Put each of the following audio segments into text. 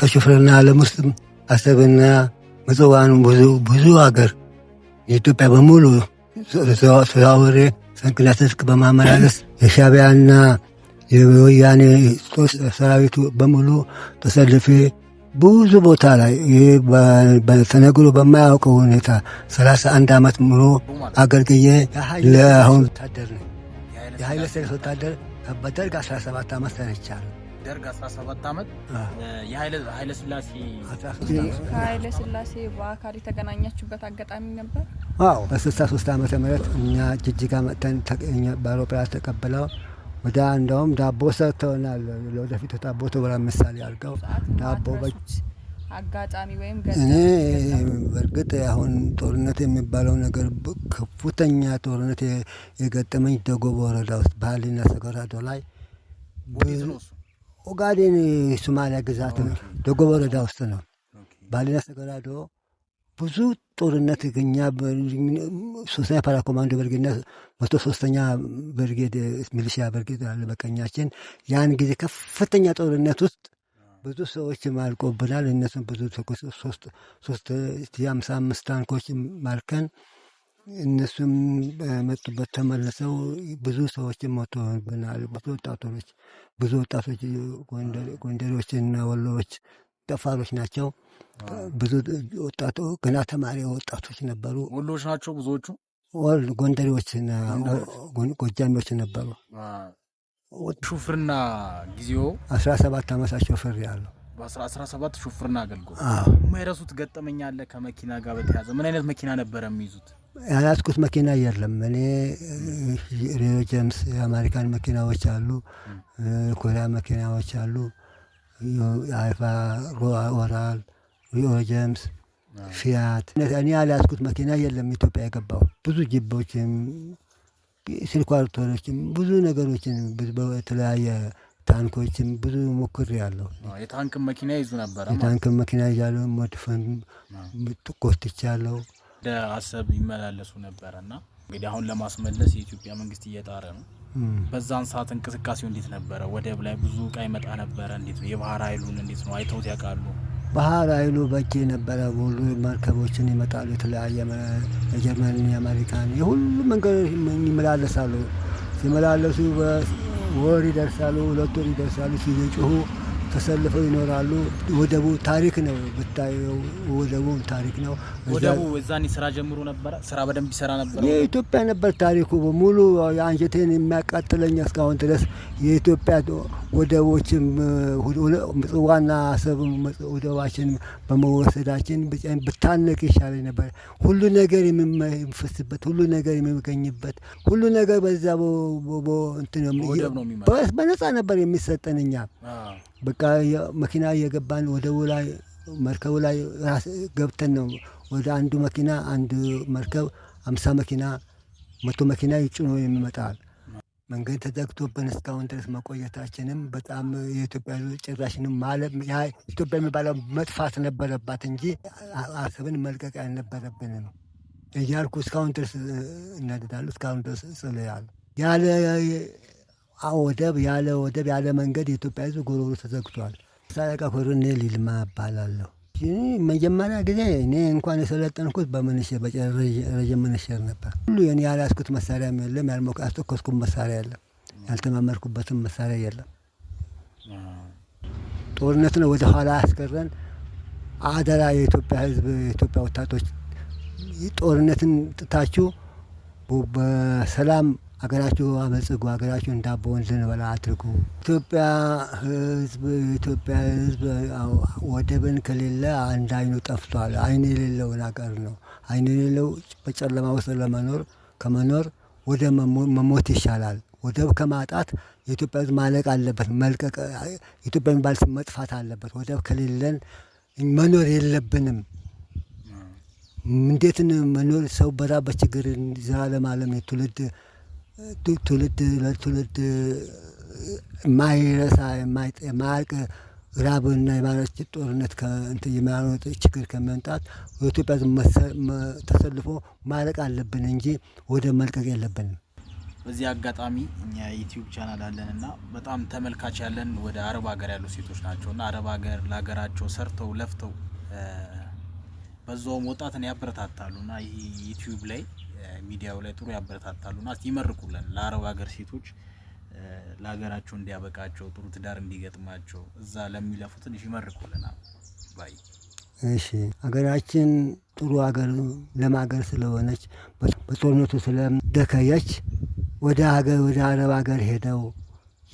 ከሽፍርና ዓለም ውስጥም አሰብና ምጽዋን ብዙ ብዙ ሀገር የኢትዮጵያ በሙሉ ተዘዋውሬ ሰንቅና ስንቅ በማመላለስ የሻቢያና የወያኔ ጦር ሰራዊቱ በሙሉ ተሰልፌ ብዙ ቦታ ላይ ይህ ተነግሮ በማያውቀው ሁኔታ ሰላሳ አንድ ዓመት ሙሉ አገልግዬ ለአሁን ወታደር ነኝ። የኃይለ ሥላሴ ወታደር በደርግ 17 ዓመት ተነቻለሁ። ደርግ 17 ዓመት የኃይለ ስላሴ በአካል የተገናኛችሁበት አጋጣሚ ነበር? አዎ በ63 ዓመተ ምህረት እኛ ጅጅጋ መጥተን በአውሮፕላን ተቀብለው ወደ እንደውም ዳቦ ሰርተውናል። ለወደፊት ዳቦ ተብላ ምሳሌ አድርገው ዳቦ አጋጣሚ ወይም እኔ በእርግጥ አሁን ጦርነት የሚባለው ነገር ከፍተኛ ጦርነት የገጠመኝ ደጎብ ወረዳ ውስጥ ባህሊና ሰገራዶ ላይ ኦጋዴን ሶማሊያ ግዛት ነው። ደጎባ ወረዳ ውስጥ ነው። ባሌና ሰገራዶ ብዙ ጦርነት ገኛ ሶስተኛ ፓራ ኮማንዶ ብርጌድና መቶ ሶስተኛ ብርጌድ ሚሊሽያ ብርጌድ አለ በቀኛችን። ያን ጊዜ ከፍተኛ ጦርነት ውስጥ ብዙ ሰዎች ማልቆብናል። እነሱም ብዙ ሶስት ሺህ አምሳ አምስት ታንኮች ማልከን እነሱም በመጡበት ተመልሰው ብዙ ሰዎችን ሞተውብናል። ብዙ ወጣቶች ብዙ ወጣቶች እና ወሎዎች ጠፋሮች ናቸው። ብዙ ወጣቶ ገና ተማሪ ወጣቶች ነበሩ። ወሎዎች ናቸው ብዙዎቹ። ወል ጎንደሬዎች፣ ጎጃሚዎች ነበሩ። ሹፍርና ጊዜው አስራ ሰባት አመሳ ሾፍር ያለው በአስራ ሰባት ሹፍርና አገልግሎት የማይረሱት ገጠመኛ አለ ከመኪና ጋር በተያዘ ምን አይነት መኪና ነበረ የሚይዙት? ያላስኩት መኪና የለም። እኔ ሪዮ ጀምስ የአሜሪካን መኪናዎች አሉ፣ ኮሪያ መኪናዎች አሉ፣ አይፋ ኦራል፣ ሪዮ ጀምስ፣ ፊያት። እኔ ያላስኩት መኪና የለም። ኢትዮጵያ የገባው ብዙ ጅቦችም፣ ስልኳርቶሮችም፣ ብዙ ነገሮችን በተለያየ ታንኮችም ብዙ ሞክር ያለው የታንክ መኪና ይዙ ነበረ። የታንክ መኪና ይዛለሁ፣ መድፈን ኮስትቻ ያለው ወደ አሰብ ይመላለሱ ነበረ እና እንግዲህ አሁን ለማስመለስ የኢትዮጵያ መንግስት እየጣረ ነው። በዛን ሰዓት እንቅስቃሴው እንዴት ነበረ? ወደብ ላይ ብዙ እቃ ይመጣ ነበረ። እንዴት ነው የባህር ኃይሉን እንዴት ነው አይተውት ያውቃሉ? ባህር ኃይሉ በቂ ነበረ። ሁሉ መርከቦችን ይመጣሉ። የተለያየ የጀርመን፣ የአሜሪካን የሁሉ መንገድ ይመላለሳሉ። ሲመላለሱ ወር ይደርሳሉ፣ ሁለት ወር ይደርሳሉ ሲጮሁ ተሰልፈው ይኖራሉ። ወደቡ ታሪክ ነው ብታየው፣ ወደቡ ታሪክ ነው። ወደቡ እዛኔ ስራ ጀምሮ ነበረ። ስራ በደንብ ይሰራ ነበር። የኢትዮጵያ ነበር ታሪኩ በሙሉ አንጀቴን የሚያቃጥለኝ እስካሁን ድረስ የኢትዮጵያ ወደቦችም ምጽዋና አሰብም ወደባችን በመወሰዳችን ብታነቅ ይሻለኝ ነበር። ሁሉ ነገር የምንፈስበት፣ ሁሉ ነገር የምገኝበት፣ ሁሉ ነገር በዛ በነፃ ነበር የሚሰጠን። እኛ በቃ መኪና እየገባን ወደቡ ላይ መርከቡ ላይ ራስ ገብተን ነው ወደ አንዱ መኪና አንድ መርከብ አምሳ መኪና መቶ መኪና ይጭኖ የሚመጣል መንገድ ተዘግቶብን እስካሁን ድረስ መቆየታችንም በጣም የኢትዮጵያ ጭራሽንም ማለት ኢትዮጵያ የሚባለው መጥፋት ነበረባት እንጂ አሰብን መልቀቅ አልነበረብንም እያልኩ እስካሁን ድረስ እነድዳሉ። እስካሁን ድረስ ያሉ ያለ ወደብ ያለ ወደብ ያለ መንገድ የኢትዮጵያ ሕዝብ ጎሮሮ ተዘግቷል። ሳያቀ ኮሎኔል ይልማ እባላለሁ። መጀመሪያ ጊዜ እኔ እንኳን የሰለጠንኩት በመንሽር በረዥም መነሸር ነበር። ሁሉ የኔ ያላስኩት መሳሪያ የለም ያልሞካተኮስኩም መሳሪያ የለም ያልተማመርኩበትም መሳሪያ የለም። ጦርነት ነው ወደኋላ ያስቀረን። አደራ የኢትዮጵያ ሕዝብ የኢትዮጵያ ወጣቶች ጦርነትን ጥታችሁ በሰላም አገራችሁ አመጽጉ፣ አገራችሁ እንዳበውን ልንበላ አድርጉ። ኢትዮጵያ ህዝብ ኢትዮጵያ ህዝብ ወደብን ከሌለ አንድ አይኑ ጠፍቷል። አይን የሌለውን አገር ነው። አይን የሌለው በጨለማ ውስጥ ለመኖር ከመኖር ወደ መሞት ይሻላል። ወደብ ከማጣት የኢትዮጵያ ህዝብ ማለቅ አለበት፣ መልቀቅ ኢትዮጵያ የሚባል ስም መጥፋት አለበት። ወደብ ከሌለን መኖር የለብንም። እንዴትን መኖር ሰው በዛ በችግር ዘላለም አለም የትውልድ ትውልድ ለትውልድ የማይረሳ የማያልቅ ራብና የማረስ ጦርነት ከእንትን የማያመጡ ችግር ከመምጣት ኢትዮጵያ ተሰልፎ ማለቅ አለብን እንጂ ወደ መልቀቅ የለብንም። በዚህ አጋጣሚ እኛ ዩቲዩብ ቻናል አለን እና በጣም ተመልካች ያለን ወደ አረብ ሀገር ያሉ ሴቶች ናቸው እና አረብ ሀገር ለሀገራቸው ሰርተው ለፍተው በዛውም ወጣትን ያበረታታሉ እና ይህ ዩቲዩብ ላይ ሚዲያው ላይ ጥሩ ያበረታታሉ እስቲ ይመርቁልን ለአረብ ሀገር ሴቶች ለሀገራቸው እንዲያበቃቸው ጥሩ ትዳር እንዲገጥማቸው እዛ ለሚለፉ ትንሽ ይመርቁልን ባይ። እሺ ሀገራችን ጥሩ ሀገር ለማገር ስለሆነች በጦርነቱ ስለደከየች ወደ ሀገር ወደ አረብ ሀገር ሄደው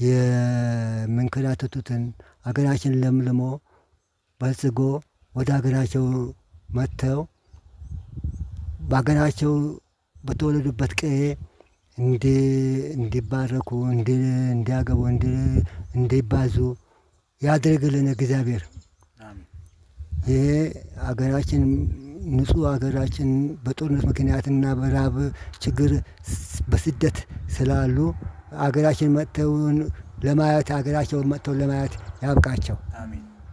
የምንከላተቱትን ሀገራችን ለምልሞ በልጽጎ ወደ ሀገራቸው መጥተው በሀገራቸው በተወለዱበት ቀዬ እንዲባረኩ እንዲያገቡ እንዲባዙ ያደረግልን እግዚአብሔር። ይሄ አገራችን ንጹህ አገራችን በጦርነት ምክንያትና በራብ ችግር በስደት ስላሉ አገራችን መጥተውን ለማየት አገራቸውን መጥተውን ለማየት ያብቃቸው።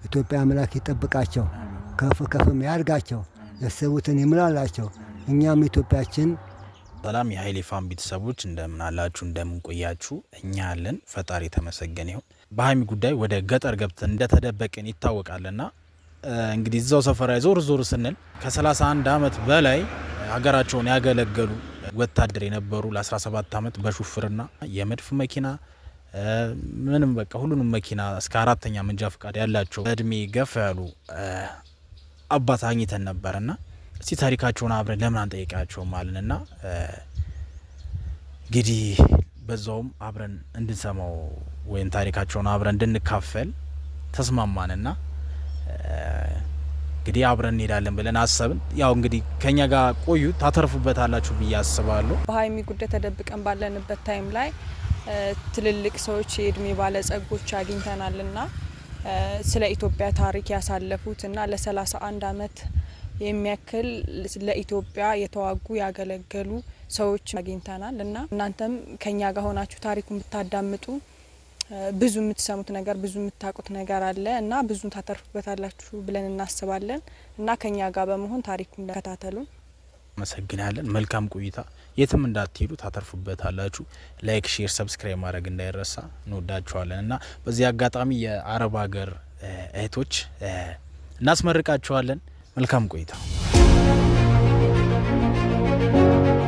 ኢትዮጵያ አምላክ ይጠብቃቸው፣ ከፍ ከፍም ያርጋቸው፣ ያሰቡትን ይምላላቸው። እኛም ኢትዮጵያችን ሰላም የሀይሌ ፋን ቤተሰቦች እንደምን አላችሁ? እንደምን ቆያችሁ? እኛ ያለን ፈጣሪ የተመሰገነ ይሁን። በሀይሚ ጉዳይ ወደ ገጠር ገብተን እንደተደበቅን ይታወቃልና እንግዲህ እዛው ሰፈራ ዞር ዞር ስንል ከ31 ዓመት በላይ ሀገራቸውን ያገለገሉ ወታደር የነበሩ ለ17 ዓመት በሹፍርና የመድፍ መኪና ምንም በቃ ሁሉንም መኪና እስከ አራተኛ መንጃ ፈቃድ ያላቸው እድሜ ገፋ ያሉ አባት አግኝተን ነበርና እስቲ ታሪካቸውን አብረን ለምን አንጠይቃቸውም አለን እና እንግዲህ በዛውም አብረን እንድንሰማው ወይም ታሪካቸውን አብረን እንድንካፈል ተስማማንና እንግዲህ አብረን እንሄዳለን ብለን አሰብን። ያው እንግዲህ ከኛ ጋር ቆዩ ታተርፉበታላችሁ ብዬ አስባለሁ። በሀይሚ ጉዳይ ተደብቀን ባለንበት ታይም ላይ ትልልቅ ሰዎች የእድሜ ባለጸጎች አግኝተናልና ስለ ኢትዮጵያ ታሪክ ያሳለፉት እና ለ አንድ አመት የሚያክል ለኢትዮጵያ የተዋጉ ያገለገሉ ሰዎች አግኝተናል እና እናንተም ከኛ ጋር ሆናችሁ ታሪኩን ብታዳምጡ ብዙ የምትሰሙት ነገር ብዙ የምታውቁት ነገር አለ እና ብዙ ታተርፉበታላችሁ ብለን እናስባለን እና ከኛ ጋር በመሆን ታሪኩን ከታተሉ። አመሰግናለን። መልካም ቆይታ። የትም እንዳትሄዱ ታተርፉበታላችሁ። ላይክ፣ ሼር፣ ሰብስክራይብ ማድረግ እንዳይረሳ። እንወዳችኋለን እና በዚህ አጋጣሚ የአረብ ሀገር እህቶች እናስመርቃችኋለን። መልካም ቆይታ።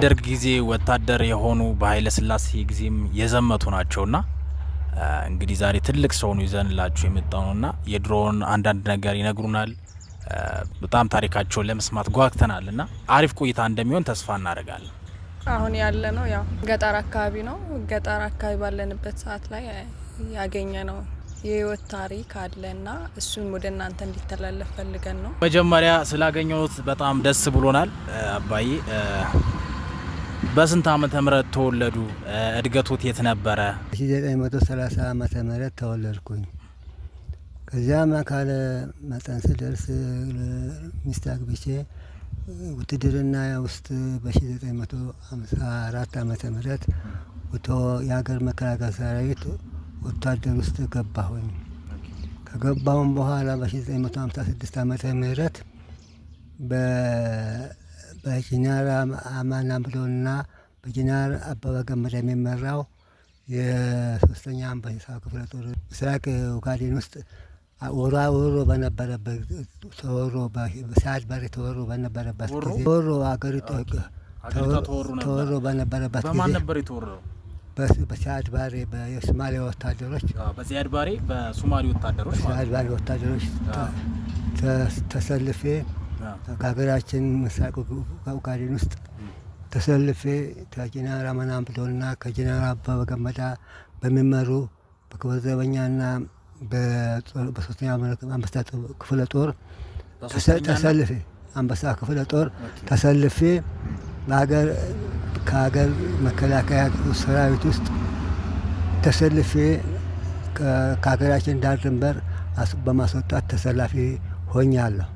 ደርግ ጊዜ ወታደር የሆኑ በኃይለ ስላሴ ጊዜም የዘመቱ ናቸውና እንግዲህ ዛሬ ትልቅ ሰሆኑ ይዘንላችሁ ነውና የድሮውን አንዳንድ ነገር ይነግሩናል። በጣም ታሪካቸውን ለመስማት ጓግተናል እና አሪፍ ቆይታ እንደሚሆን ተስፋ እናደርጋለን። አሁን ያለ ነው ያው ገጠር አካባቢ ነው። ገጠር አካባቢ ባለንበት ሰዓት ላይ ያገኘ ነው የህይወት ታሪክ አለና እሱን ወደ እናንተ እንዲተላለፍ ፈልገን ነው። መጀመሪያ ስላገኘሁት በጣም ደስ ብሎናል። አባዬ በስንት ዓመተ ምህረት ተወለዱ? እድገቶት የት ነበረ? 930 ዓመተ ምህረት ተወለድኩኝ። ከዚያ አካለ መጠን ስደርስ ሚስት አግብቼ ውትድርና ውስጥ በ954 ዓመተ ምህረት የሀገር መከላከያ ሰራዊት ወታደር ውስጥ ገባሁኝ። ከገባሁም በኋላ በ1956 ዓመተ ምህረት በጀነራል አማና ብሎና በጀነራል አበበ ገመዳ የሚመራው የሶስተኛ አንበሳ ክፍለ ጦር ምስራቅ ኦጋዴን ውስጥ ወራ ወሮ በነበረበት ተወሮ ሰዓት በሬ ተወሮ በነበረበት ጊዜ ተወሮ አገሪቱ ተወሮ በነበረበት ጊዜ በሲያድ ባሬ የሶማሊያ ወታደሮች በሲያድ ባሬ በሶማሌ ወታደሮች በሲያድ ባሬ ወታደሮች ተሰልፌ ከሀገራችን ምስራቅ ኦጋዴን ውስጥ ተሰልፌ ከጀነራል አመና አምዶና ከጀነራል አበበ ገመዳ በሚመሩ በክብር ዘበኛና በሶስተኛ አንበሳ ክፍለ ጦር ተሰልፌ አንበሳ ክፍለ ጦር ተሰልፌ በሀገር ከሀገር መከላከያ ሰራዊት ውስጥ ተሰልፌ ከሀገራችን ዳር ድንበር በማስወጣት ተሰላፊ ሆኛለሁ።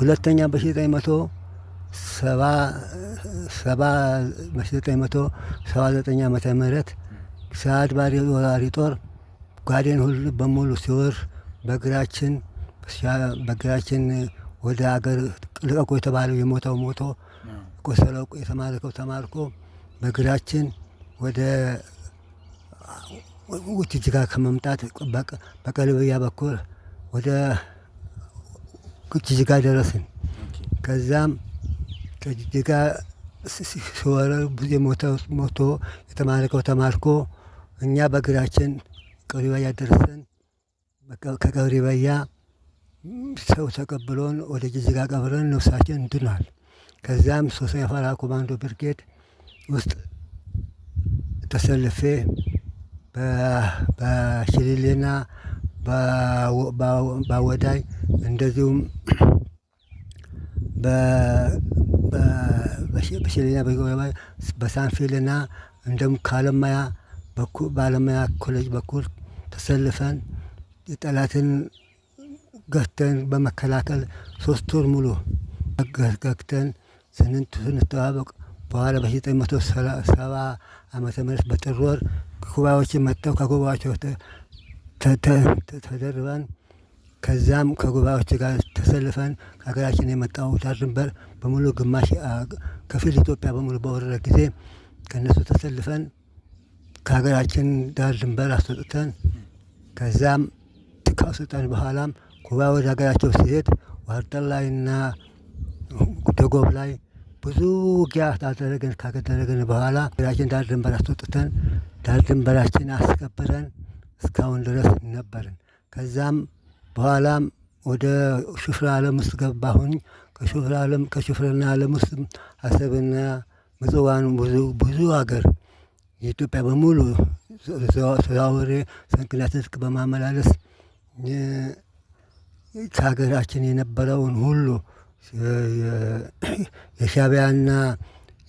ሁለተኛ በዘጠኝ መቶ ሰባ ሰባ በዘጠኝ መቶ ሰባ ዘጠኝ ዓመተ ምህረት ሰዓድ ባሬ ወራሪ ጦር ጓዴን ሁሉ በሙሉ ሲወር በእግራችን በእግራችን ወደ ሀገር ልቀቁ የተባለው የሞተው ሞቶ ቆሰለቁ የተማርከው ተማርኮ በእግራችን ወደ ውጭ ጅጋ ከመምጣት በቀለብያ በኩል ወደ ውጭ ጅጋ ደረስን። ከዛም ከጅጅጋ ሲወረር ብዙ ሞቶ የተማረከው ተማርኮ እኛ በእግራችን ቀብሪበያ ደርሰን ከቀብሪበያ ሰው ተቀብሎን ወደ ጅጅጋ ቀብረን ነፍሳችን እንድኗል። ከዛም ሶሳ የፋራ ኮማንዶ ብርጌድ ውስጥ ተሰልፌ በሽልሌና በወዳይ እንደዚሁም በሽልሌና በሳንፊልና እንደም ከአለማያ በአለማያ ኮሌጅ በኩል ተሰልፈን ጠላትን ገፍተን በመከላከል ሶስት ወር ሙሉ ገፍተን ስንተዋወቅ በኋላ በዘጠኝ መቶ ሰባ ዓመተ ምህረት በጥር ወር መጥተው ከኩባዎቹ ተደርበን ከዛም ከጉባኤዎች ጋር ተሰልፈን ከሀገራችን የመጣው ዳር ድንበር በሙሉ ግማሽ ከፊል ኢትዮጵያ በሙሉ በወረረ ጊዜ ከእነሱ ተሰልፈን ከሀገራችን ዳር ድንበር አስወጥተን ከዛም ከአስወጣን በኋላም ጉባኤ ወደ ሀገራቸው ሲሄድ ዋርጠር ላይና ደጎብ ላይ ብዙ ውጊያ ታደረገን ካደረገን በኋላ ራችን ዳር ድንበር አስወጥተን ዳር ድንበራችን አስከብረን እስካሁን ድረስ ነበርን። ከዛም በኋላም ወደ ሹፍራ ዓለም ውስጥ ገባሁኝ። ከሹፍራ ዓለም ከሹፍርና ዓለም ውስጥ አሰብና ምጽዋን ብዙ ብዙ ሀገር የኢትዮጵያ በሙሉ ተዘዋውሬ ሰንክና ትጥቅ በማመላለስ ከሀገራችን የነበረውን ሁሉ የሻዕቢያና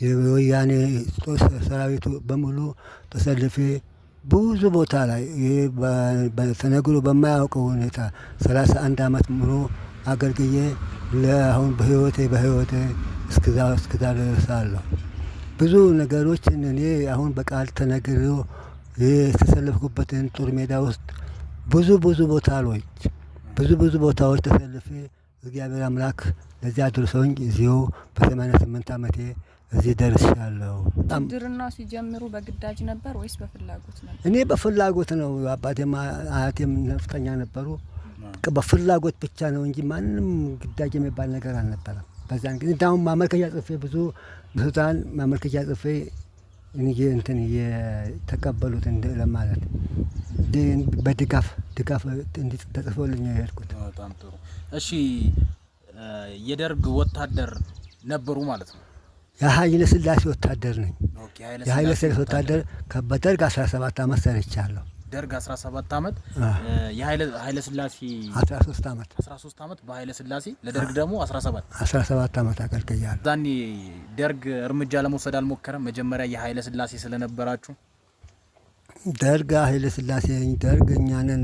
የወያኔ ጦር ሰራዊቱ በሙሉ ተሰልፌ ብዙ ቦታ ላይ ተነግሮ በማያውቀው ሁኔታ ሰላሳ አንድ አመት ሙሉ አገልግዬ ለአሁን በህይወቴ በህይወቴ እስከዛ እስከዛ ደርሳለሁ። ብዙ ነገሮችን እኔ አሁን በቃል ተነግሮ የተሰለፍኩበትን ጦር ሜዳ ውስጥ ብዙ ብዙ ቦታ ብዙ ብዙ ቦታዎች ተሰልፌ እግዚአብሔር አምላክ ለዚህ አድርሶኝ እዚሁ በሰማንያ ስምንት ዓመቴ እዚህ ደርሻለሁ። ድርና ሲጀምሩ በግዳጅ ነበር ወይስ በፍላጎት ነበር? እኔ በፍላጎት ነው። አባቴም አያቴም ነፍጠኛ ነበሩ። በፍላጎት ብቻ ነው እንጂ ማንም ግዳጅ የሚባል ነገር አልነበረም። በዛን ጊዜ እንዳሁን ማመልከቻ ጽፌ ብዙ ስልጣን ማመልከቻ ጽፌ እንትን የተቀበሉት ለማለት በድጋፍ ድጋፍ እንዲህ ተጽፎልኝ የሄድኩት። በጣም ጥሩ። እሺ የደርግ ወታደር ነበሩ ማለት ነው። የኃይለ ስላሴ ወታደር ነኝ። የኃይለ ስላሴ ወታደር ከበደርግ አስራ ሰባት አመት ሰርቻለሁ። ደርግ 17 ዓመት የኃይለ ስላሴ 13 ዓመት 13 ዓመት በኃይለ ስላሴ ለደርግ ደግሞ 17 17 ዓመት አገልግያለሁ። ዛኔ ደርግ እርምጃ ለመውሰድ አልሞከረም። መጀመሪያ የኃይለ ስላሴ ስለነበራችሁ ደርግ ኃይለ ስላሴ ደርግ እኛንን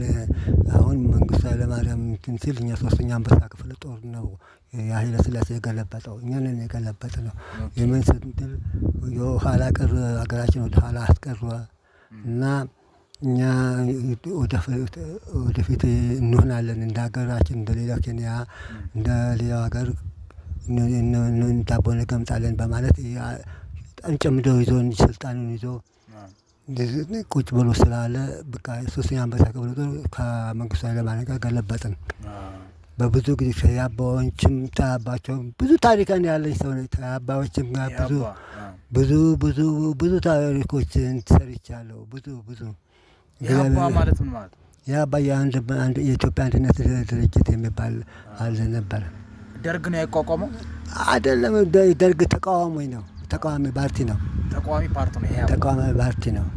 አሁን መንግስቱ ኃይለማርያም እንትን ሲል እኛ ሶስተኛ አንበሳ ክፍለ ጦር ነው የኃይለ ስላሴ የገለበጠው እኛንን የገለበጥ ነው። የምን ስትል የኋላ ቅር ሀገራችን ወደ ኋላ አስቀረ እና እኛ ወደፊት እንሆናለን እንደ ሀገራችን እንደ ሌላ ኬንያ እንደ ሌላው ሀገር ዳቦ ገምጣለን በማለት ጨምዶ ይዞ ስልጣኑን ይዞ ቁጭ ብሎ ስላለ በቃ ሶስተኛ አንበሳ ከብሎ ከመንግስቱ ኃይለማርያም ጋር ገለበጥን። በብዙ ጊዜ ከየአባዎችም ተያባቸው ብዙ ታሪካን ያለች ሰው ተያባዎችም ጋር ብዙ ብዙ ብዙ ብዙ ታሪኮችን ትሰርቻለሁ ብዙ ብዙ የአባ የኢትዮጵያ አንድነት ድርጅት የሚባል አለ ነበረ። ደርግ ነው ያቋቋመው አይደለም። ደርግ ተቃዋሚ ነው፣ ተቃዋሚ ፓርቲ ነው። ተቃዋሚ ፓርቲ ነው። ተቃዋሚ ፓርቲ ነው።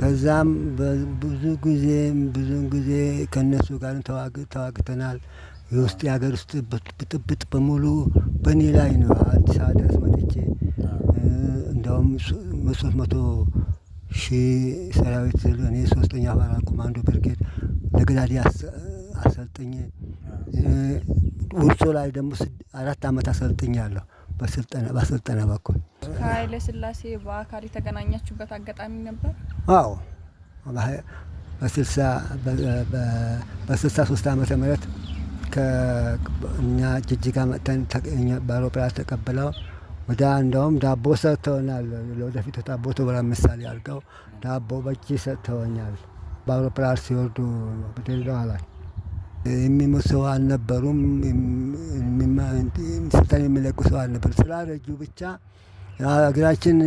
ከዛም ብዙ ጊዜ ብዙን ጊዜ ከእነሱ ጋር ተዋግተናል። የውስጥ የሀገር ውስጥ ብጥብጥ በሙሉ በእኔ ላይ ነው። አዲስ አበባ ድረስ መጥቼ እንደውም ሶስት መቶ ሺ ሰራዊት እኔ ሶስተኛ አባራ ኮማንዶ ብርጌድ ለግዳዲ አሰልጥኝ ውርሶ ላይ ደግሞ አራት አመት አሰልጥኛለሁ። በስልጠና በኩል ከኃይለ ስላሴ በአካል የተገናኛችሁበት አጋጣሚ ነበር? አዎ በስልሳ በስልሳ ሶስት አመተ ምህረት ከእኛ ጅጅጋ መጥተን በአውሮፕላን ተቀብለው ወዳ እንደውም ዳቦ ሰጥተውናል። ለወደፊት ዳቦ ተብላ ምሳሌ አድርገው ዳቦ በእጅ ሰጥተውኛል። በአውሮፕላን ሲወርዱ በድሬዳዋ ላይ የሚሞት ሰው አልነበሩም። ስልጣን የሚለቁ ሰው አልነበሩ። ስላረጁ ብቻ ሀገራችን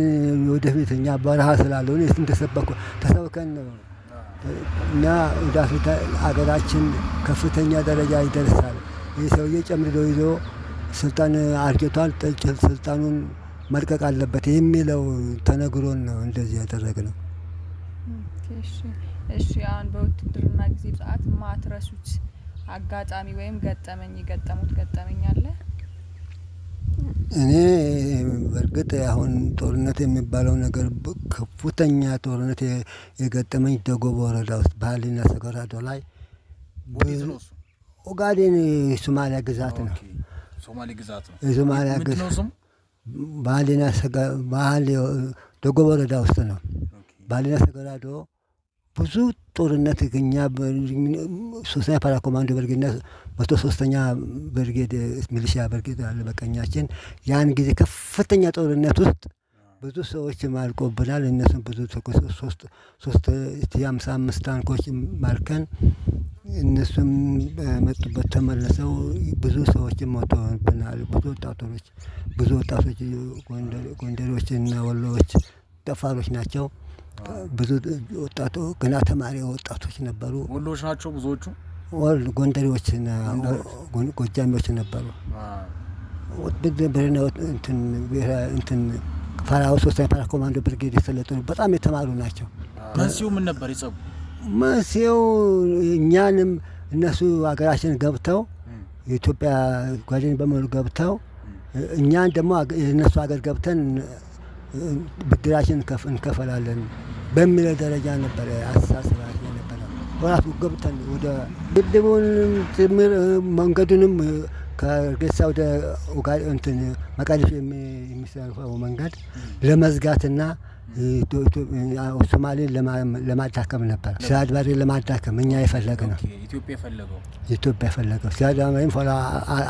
ወደፊት እኛ በረሃ ስላለሆነ የትም ተሰበኩ ተሰብከን ነው እና ወደፊት አገራችን ከፍተኛ ደረጃ ይደርሳል። ይህ ሰውዬ ጨምድዶ ይዞ ስልጣን አርጅቷል፣ ስልጣኑን መልቀቅ አለበት የሚለው ተነግሮን ነው እንደዚህ ያደረግነው። እሺ አሁን በውትድርና ጊዜ ሰዓት ማትረሱት አጋጣሚ ወይም ገጠመኝ የገጠሙት ገጠመኝ አለ? እኔ በእርግጥ አሁን ጦርነት የሚባለው ነገር ከፍተኛ ጦርነት የገጠመኝ ደጎብ ወረዳ ውስጥ ባህሊና ሰገራዶ ላይ ኦጋዴን ሶማሊያ ግዛት ነው። ሶማሌ ግዛት ነው። የሶማሊያ ግዛት ባህሊና ሰጋ ደጎ ወረዳ ውስጥ ነው። ባሊና ሰገራዶ ብዙ ጦርነት ግኛ ሶስተኛ ፓራ ኮማንዶ ብርጌድና መቶ ሶስተኛ ብርጌድ ሚሊሺያ ብርጌድ አለ በቀኛችን። ያን ጊዜ ከፍተኛ ጦርነት ውስጥ ብዙ ሰዎችም አልቆብናል እነሱም ብዙ ሶስት ሶስት የሃምሳ አምስት ታንኮችም ማርከን እነሱም በመጡበት ተመልሰው ብዙ ሰዎች ሞተብናል። ብዙ ወጣቶች ብዙ ወጣቶች እና ወሎዎች ጠፋሮች ናቸው። ብዙ ወጣቶ ገና ተማሪ ወጣቶች ነበሩ። ወሎዎች ናቸው ብዙዎቹ ጎንደሬዎች ጎጃሚዎች ነበሩ። እንትን ፓራ ሶስተኛ ፓራ ኮማንዶ ብርጌድ የሰለጠኑ በጣም የተማሩ ናቸው። መንስኤው ምን ነበር ይጸቡ? መንስኤው እኛንም እነሱ ሀገራችን ገብተው የኢትዮጵያ ጓደኝ በሙሉ ገብተው እኛን ደግሞ እነሱ ሀገር ገብተን ብድራችን እንከፈላለን በሚል ደረጃ ነበረ አስተሳሰባችን ነበረ። በራሱ ገብተን ወደ ግድቡንም ጭምር መንገዱንም ከእርጌሳ ወደ እንትን መቃሊሽ የሚሰራው መንገድ ለመዝጋትና ሶማሌን ለማዳከም ነበር። ሲያድ ባሬን ለማዳከም እኛ የፈለግ ነው ኢትዮጵያ የፈለገው ሲያድ ባሬን ኋላ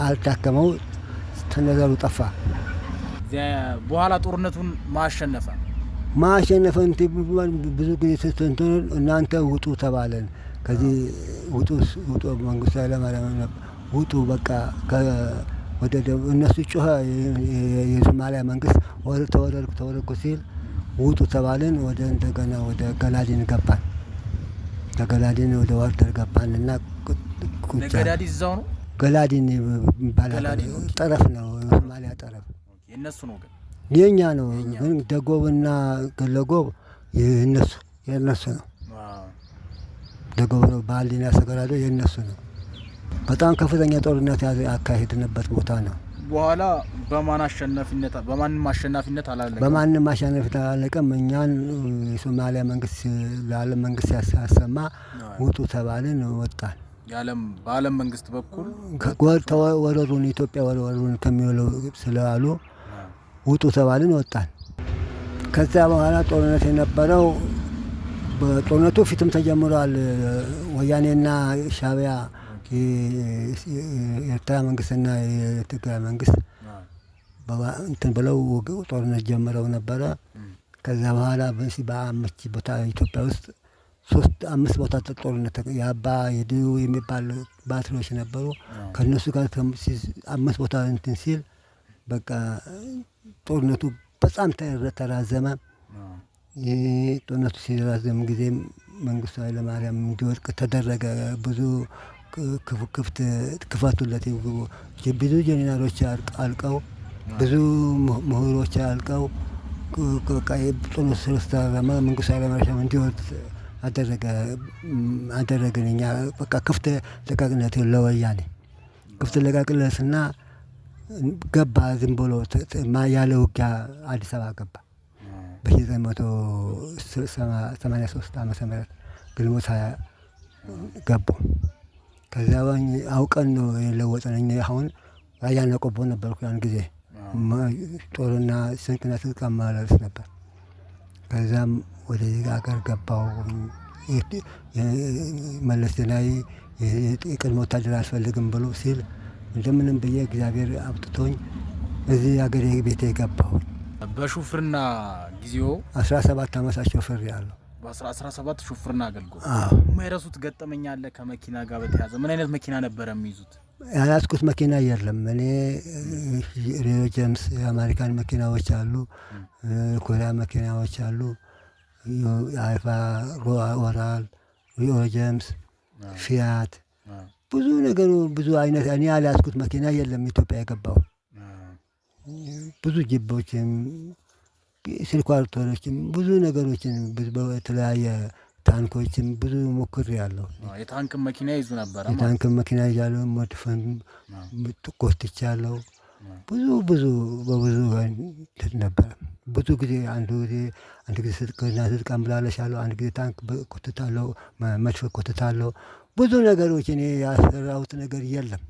አልዳከመው፣ ተነዘሩ ጠፋ። በኋላ ጦርነቱን ማሸነፈ ማሸነፈ ብዙ ጊዜ እናንተ ውጡ ተባለን። ከዚህ ውጡ መንግስቱ ኃይለማርያም ነበር ውጡ በቃ ወደ ደቡብ እነሱ ጮኸ። የሶማሊያ መንግስት ተወረድኩ ተወረድኩ ሲል ውጡ ተባልን። ወደ እንደገና ወደ ገላዲን ገባን። ከገላዲን ወደ ዋርተር ገባን እና ገላዲን ይባላል። ጠረፍ ነው፣ የሶማሊያ ጠረፍ የእነሱ ነው፣ የእኛ ነው። ግን ደጎብና ገለጎብ የእነሱ የእነሱ ነው። ደጎብ ነው፣ ባህሊና ሰገራዶ የእነሱ ነው። በጣም ከፍተኛ ጦርነት ያካሄድንበት ቦታ ነው። በኋላ በማን አሸናፊነት በማንም አሸናፊነት አላለቀም። በማንም አሸናፊነት አላለቀም። እኛን የሶማሊያ መንግስት ለዓለም መንግስት ሲያሰማ ውጡ ተባልን፣ ወጣን። በዓለም መንግስት በኩል ወረሩን፣ ኢትዮጵያ ወረሩን ከሚውለው ስላሉ ውጡ ተባልን፣ ወጣን። ከዚያ በኋላ ጦርነት የነበረው በጦርነቱ ፊትም ተጀምሯል። ወያኔና ሻቢያ? የኤርትራ መንግስትና የትግራይ መንግስት እንትን ብለው ጦርነት ጀምረው ነበረ። ከዛ በኋላ በዚህ በአመቺ ቦታ ኢትዮጵያ ውስጥ ሶስት አምስት ቦታ ጦርነት የአባ የድው የሚባል ባትሪዎች ነበሩ። ከእነሱ ጋር አምስት ቦታ እንትን ሲል በቃ ጦርነቱ በጣም ተራዘመ። ጦርነቱ ሲራዘም ጊዜ መንግስቱ ኃይለማርያም እንዲወድቅ ተደረገ ብዙ ክፍት ክፈቱለት ብዙ ጀኔራሎች አልቀው ብዙ ምሁሮች አልቀው ጥሩ ስርስታ መንግስት ኃይለማርያም እንዲወጥ አደረገ አደረግን። እኛ በቃ ክፍት ለቃቅነት ለወያኔ ክፍት ለቃቅነትና ገባ ዝም ብሎ ያለ ውጊያ አዲስ አበባ ገባ በሺህ ዘጠኝ ዓመተ ምህረት ግንቦት ገቡ። ከዛ አውቀን ነው የለወጠን። እኔ አሁን ራያና ቆቦ ነበርኩ ያን ጊዜ ጦርና ስንቅና ስልቅ አመላለስ ነበር። ከዛም ወደ አገር ገባው መለስ ዜናዊ የቅድመ ወታደር አያስፈልግም ብሎ ሲል እንደምንም ብዬ እግዚአብሔር አብጥቶኝ እዚህ አገሬ ቤቴ ገባሁ። በሹፍርና ጊዜው አስራ ሰባት ዓመት አሾፍር ያለው በ17 ሹፍርና የማይረሱት ገጠመኛ አለ? ከመኪና ጋር በተያዘ ምን አይነት መኪና ነበረ የሚይዙት? ያላስኩት መኪና የለም። እኔ ሪዮ ጀምስ የአሜሪካን መኪናዎች አሉ፣ ኮሪያ መኪናዎች አሉ፣ አይፋ ሪዮ ጀምስ፣ ፊያት ብዙ ነገሩ ብዙ አይነት እኔ ያላስኩት መኪና የለም። ኢትዮጵያ የገባው ብዙ ጅቦችም ሄሊኮፕተሮችም ብዙ ነገሮችን በተለያየ ታንኮችም ብዙ ሞክር ያለው የታንክ መኪና ይዙ ነበረ። የታንክ መኪና ይዣለሁ መድፍም ኮትቻለሁ። ብዙ ብዙ በብዙ እንትን ነበር ብዙ ጊዜ አንዱ ጊዜ አንድ ጊዜ ስጥቅና ስጥቃን ስልክ አለው። አንድ ጊዜ ታንክ ኮትታለሁ መድፍ ኮትታለሁ ብዙ ነገሮች እኔ ያሰራሁት ነገር የለም።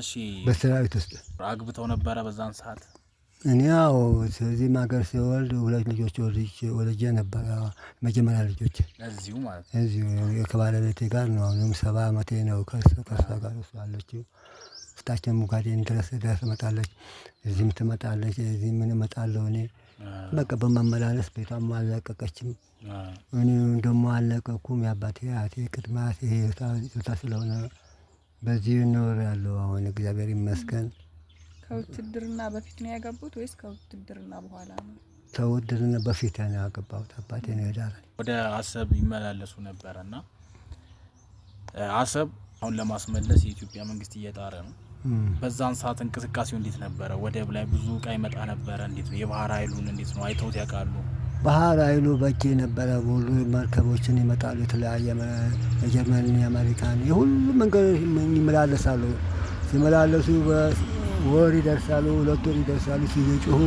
እሺ በሰራዊት ውስጥ አግብተው ነበረ በዛን ሰዓት እኔ ያው እዚህም ሀገር ሲወልድ ሁለት ልጆች ወልጅ ወልጄ ነበረ መጀመሪያ ልጆች እዚሁ ከባለቤቴ ጋር ነው አሁንም ሰባ አመቴ ነው ከእሱ ከእሷ ጋር እሷ አለችው። እህታችን ሞጋዴን ድረስ ድረስ ትመጣለች እዚህም ትመጣለች እዚህ ምን እመጣለሁ እኔ በቃ በመመላለስ ቤቷም አልለቀቀችም። እኔም ደግሞ አለቀኩም። የአባቴ አቴ ቅድማ አያቴ ይዞታ ስለሆነ በዚህ ያለው አሁን እግዚአብሔር ይመስገን ከውትድርና በፊት ነው ያገቡት ወይስ ከውትድርና በኋላ ነው? ከውትድርና በፊት ነው ያገባሁት። አባቴ ነው የዳረኝ። ወደ አሰብ ይመላለሱ ነበረ እና አሰብ አሁን ለማስመለስ የኢትዮጵያ መንግስት እየጣረ ነው። በዛን ሰዓት እንቅስቃሴው እንዴት ነበረ? ወደብ ላይ ብዙ እቃ ይመጣ ነበረ። እንዴት ነው የባህር ኃይሉን እንዴት ነው አይተውት ያውቃሉ? ባህር ኃይሉ በእጅ የነበረ ሁሉ መርከቦችን ይመጣሉ። የተለያየ የጀርመን፣ የአሜሪካን የሁሉ መንገድ ይመላለሳሉ። ሲመላለሱ ወር ይደርሳሉ፣ ሁለት ወር ይደርሳሉ። ሲጮሁ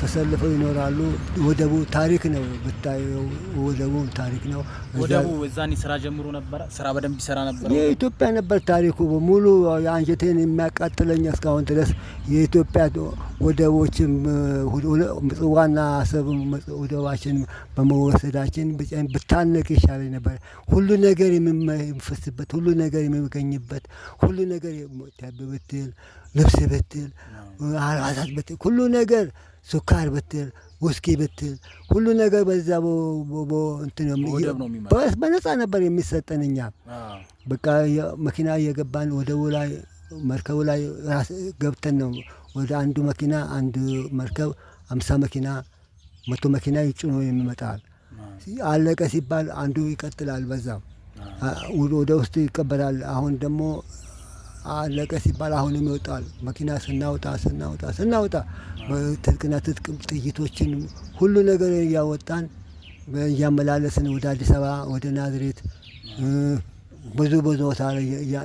ተሰልፈው ይኖራሉ። ወደቡ ታሪክ ነው ብታየው፣ ወደቡ ታሪክ ነው። ወደቡ እዛን ስራ ጀምሮ ነበረ። ስራ በደንብ ይሰራ ነበር። የኢትዮጵያ ነበር ታሪኩ በሙሉ የአንጀቴን የሚያቃጥለኝ እስካሁን ድረስ የኢትዮጵያ ወደቦችም ምጽዋና አሰብም ወደባችን በመወሰዳችን ብታነቅ ይሻለ ነበር። ሁሉ ነገር የምንፈስበት፣ ሁሉ ነገር የሚገኝበት፣ ሁሉ ነገር ብትል ልብስ ብትል አልባሳት በትል ሁሉ ነገር ሱካር ብትል ውስኪ ብትል ሁሉ ነገር በዛ በነፃ ነበር የሚሰጠን። እኛ በቃ መኪና እየገባን ወደ ላይ መርከቡ ላይ ራስ ገብተን ነው ወደ አንዱ መኪና አንድ መርከብ አምሳ መኪና መቶ መኪና ይጭኖ የሚመጣል። አለቀ ሲባል አንዱ ይቀጥላል። በዛ ወደ ውስጥ ይቀበላል። አሁን ደግሞ አለቀ ሲባል አሁንም ይወጣል። መኪና ስናወጣ ስናወጣ ስናወጣ ትጥቅና ትጥቅ ጥይቶችን ሁሉ ነገር እያወጣን እያመላለስን ወደ አዲስ አበባ ወደ ናዝሬት ብዙ ብዙ ቦታ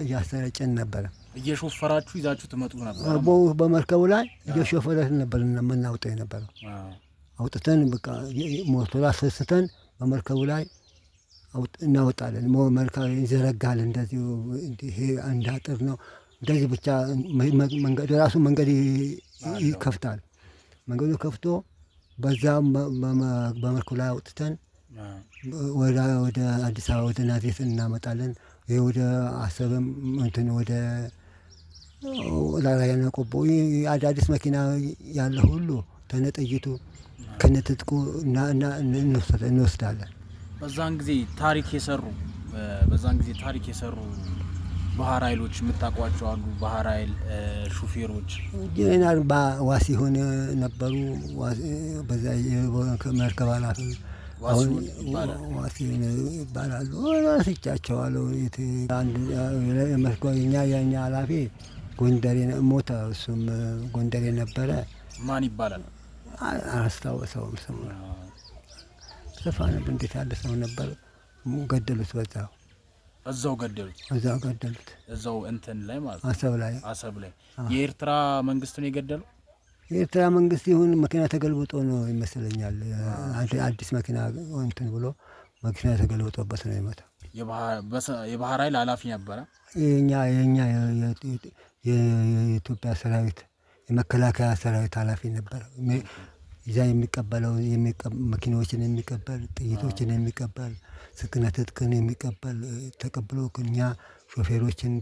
እያሰረጭን ነበረ። እየሾፈራችሁ ይዛችሁ ትመጡ ነበር። በመርከቡ ላይ እየሾፈረን ነበር የምናውጠው የነበረው አውጥተን በቃ ሞቶራ ስስተን በመርከቡ ላይ እናወጣለን መልካም ይዘረጋል እንደዚሁ ይሄ አንድ አጥር ነው እንደዚህ ብቻ መንገድ ራሱ መንገድ ይከፍታል። መንገዱ ከፍቶ በዛም በመልኩ ላይ አውጥተን ወደ ወደ አዲስ አበባ ወደ ናዝሬት እናመጣለን። ይሄ ወደ አሰብም እንትን ወደ ላሊያና ቆቦ አዳዲስ መኪና ያለ ሁሉ ተነጠይቱ ከነትጥቁ ከነ እንወስዳለን በዛን ጊዜ ታሪክ የሰሩ በዛን ጊዜ ታሪክ የሰሩ ባህር ኃይሎች የምታውቋቸው አሉ? ባህር ኃይል ሹፌሮች ጄኔራል ዋሲ ሆነ ነበሩ። በዛ መርከብ ኃላፊ ዋሲ ይባላሉ። ረስቻቸዋለሁ። የኛ የኛ ኃላፊ ጎንደሬ ሞተ። እሱም ጎንደሬ ነበረ። ማን ይባላል? አላስታወሰውም ስሙ ሰፋ ነበር። እንዴት ያለ ሰው ነበር! ገደሉት በዛው እዛው ገደሉት። እዛው ገደሉት። እዛው እንትን ላይ ማለት አሰብ ላይ አሰብ ላይ የኤርትራ መንግስት ነው የገደለው። የኤርትራ መንግስት ይሁን መኪና ተገልብጦ ነው ይመስለኛል። አዲስ መኪና እንትን ብሎ መኪና ተገልብጦበት ነው የመታው። የባህር ኃይል ኃላፊ ነበረ የኛ የኛ የኢትዮጵያ ሰራዊት የመከላከያ ሰራዊት ኃላፊ ነበረ። ሚዛን የሚቀበለው መኪናዎችን የሚቀበል ጥይቶችን የሚቀበል ስንቅና ትጥቅን የሚቀበል ተቀብሎ እኛ ሾፌሮችን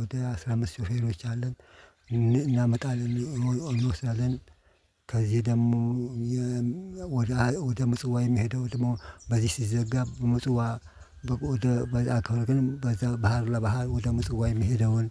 ወደ አስራ አምስት ሾፌሮች አለን እናመጣለን እንወስዳለን። ከዚህ ደግሞ ወደ ምጽዋ የሚሄደው ደግሞ በዚህ ሲዘጋ ምጽዋ ወደ በዛ ከሆነ ግን በዛ ባህር ለባህር ወደ ምጽዋ የሚሄደውን